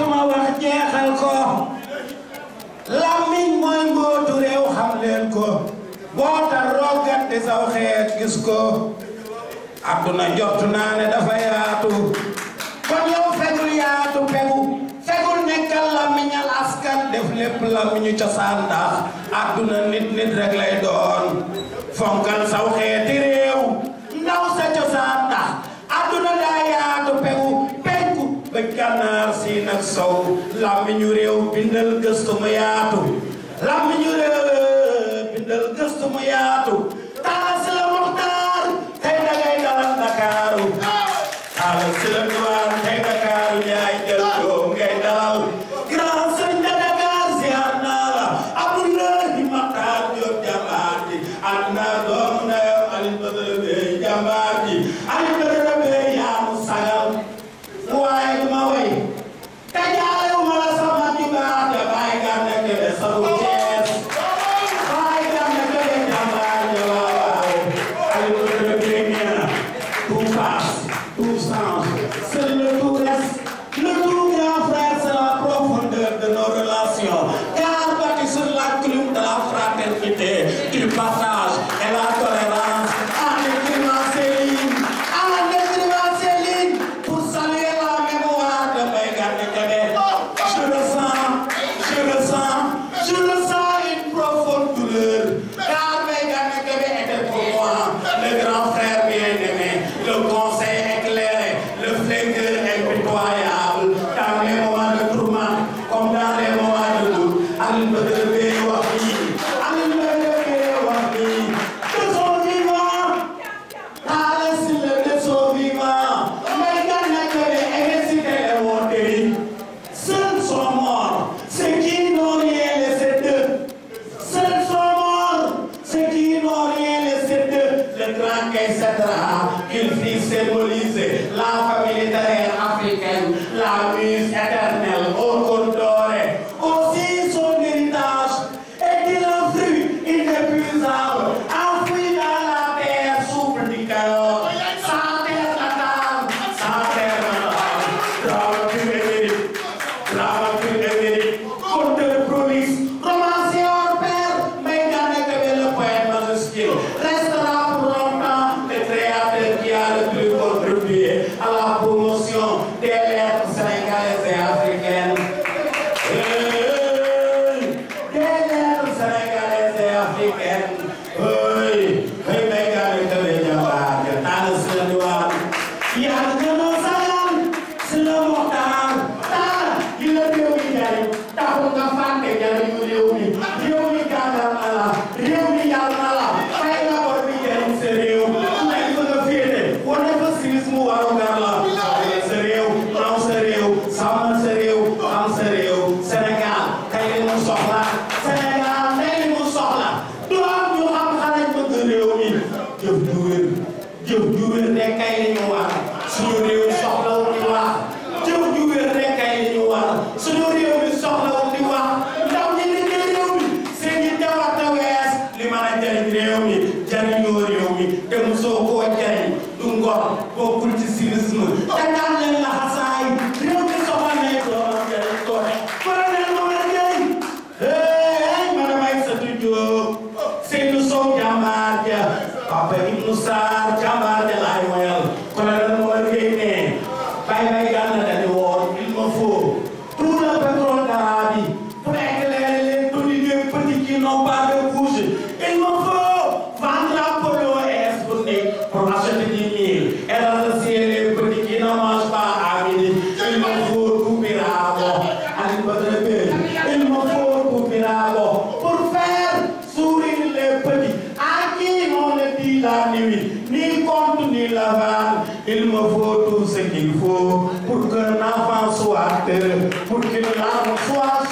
suma wax jeexal ko làmmiñ mooy mbootu réew xam leen ko bootal roogat di saw xeet gis ko adduna jot naa dafa yaatu kon yow fegul yaatu pegu fegul nekkal làmmiñal askan def lépp làmmiñu cosaan ndax adduna gànnaar si nag sow làmmiñu réew gëstu mu yaatu làmmiñu réew bindal mu yaatu taal si la Muxtaar tey dangay dalal si la Nduwaar tey Ndakaaru ñaay jël doom ngay dalal grand sëñ de Dakar ziar naa la Abdoulaye Makhtar Diop jàmbaar na yow Alioune Badara Gueye jàmbaar ay xaru écrans, etc., la famille littéraire africaine, la muse éternelle. Wonderful things move around our lives. ñenn ñu Ibnu Saar jàmbaar de laay woyal kon nag moo liggéey ne bay bay gànn dañu woon il me faut tout le pétrole d'Arabie pour éclairer les tonnes de petits qui n'ont pas Il me faut tout ce qu'il faut pour qu'un enfant soit heureux, pour qu'une âme soit